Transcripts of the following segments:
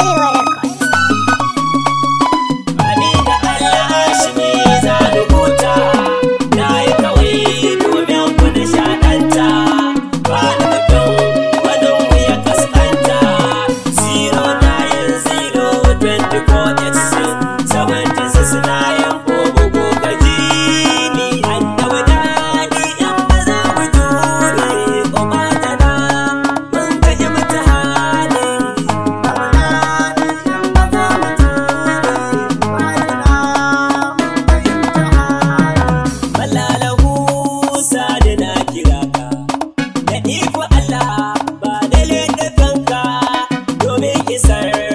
anyone desire.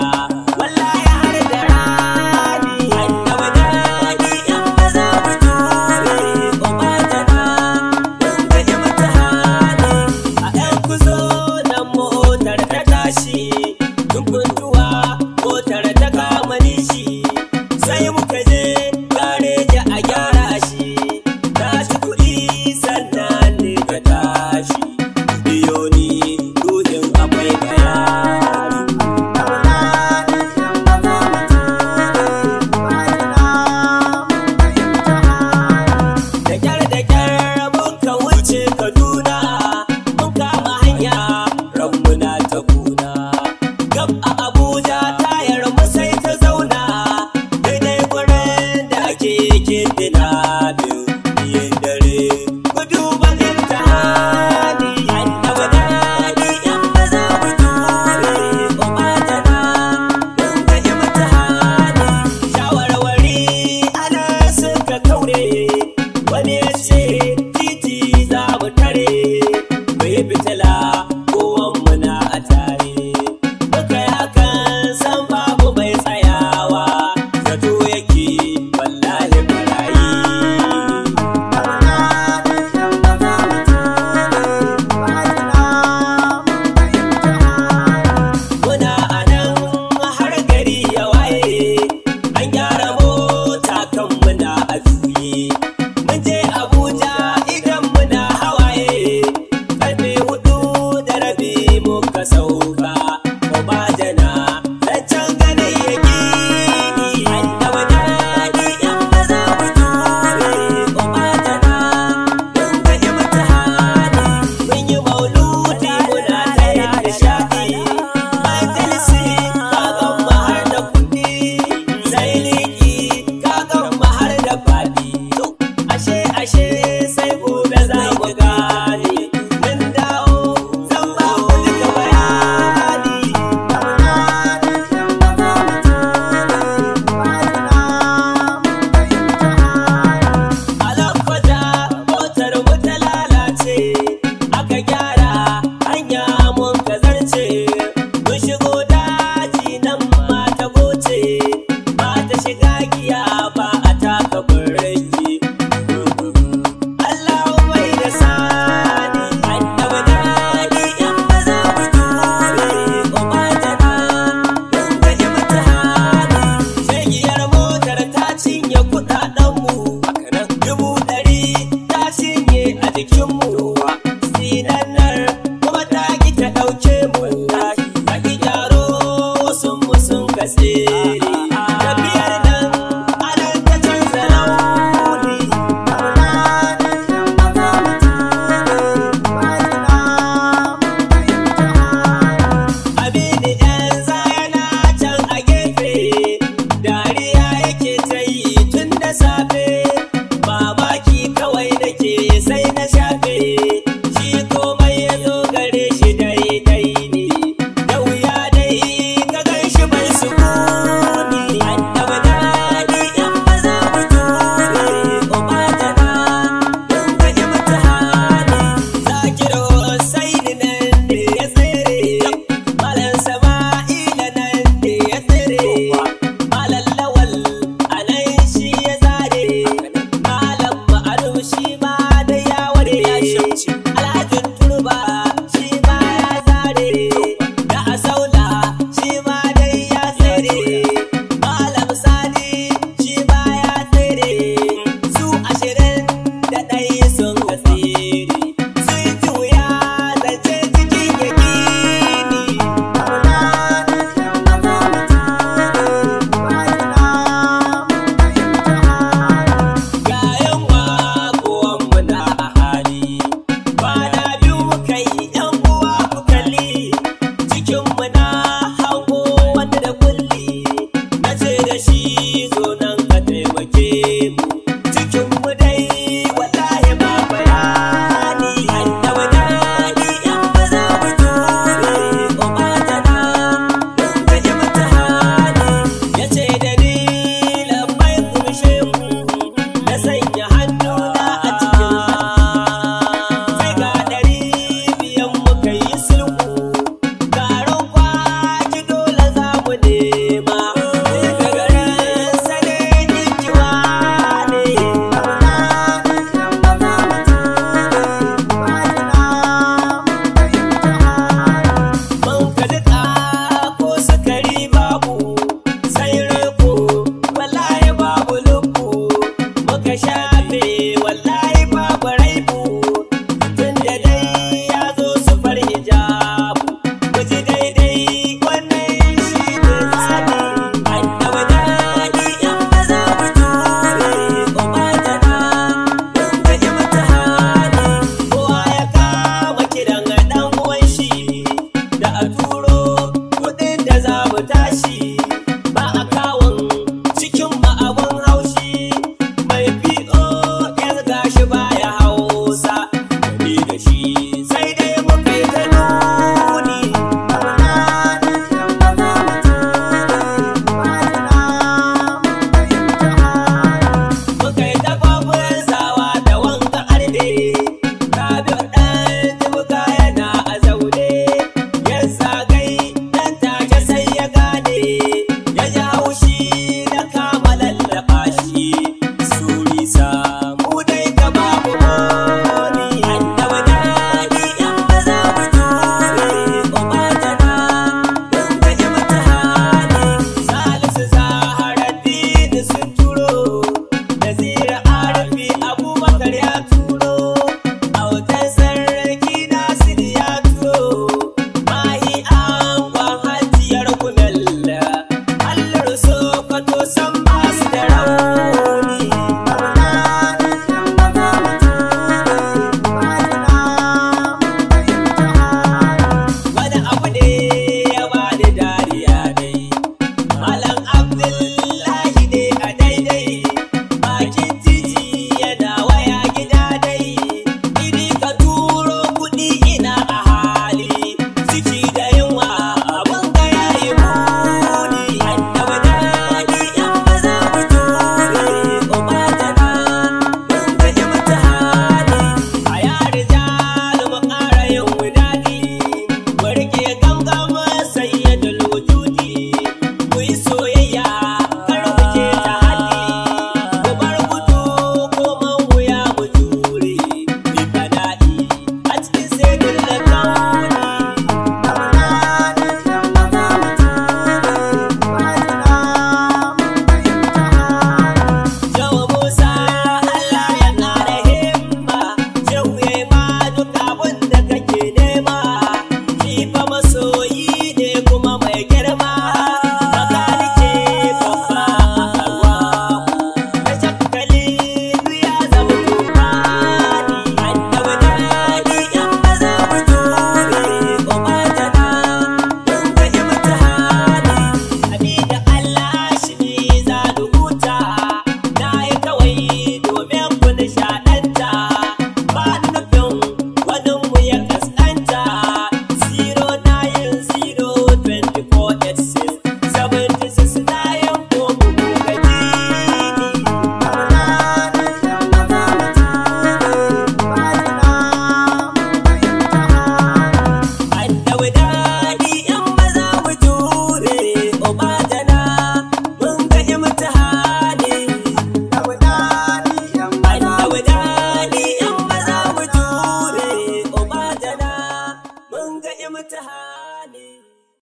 Yeah.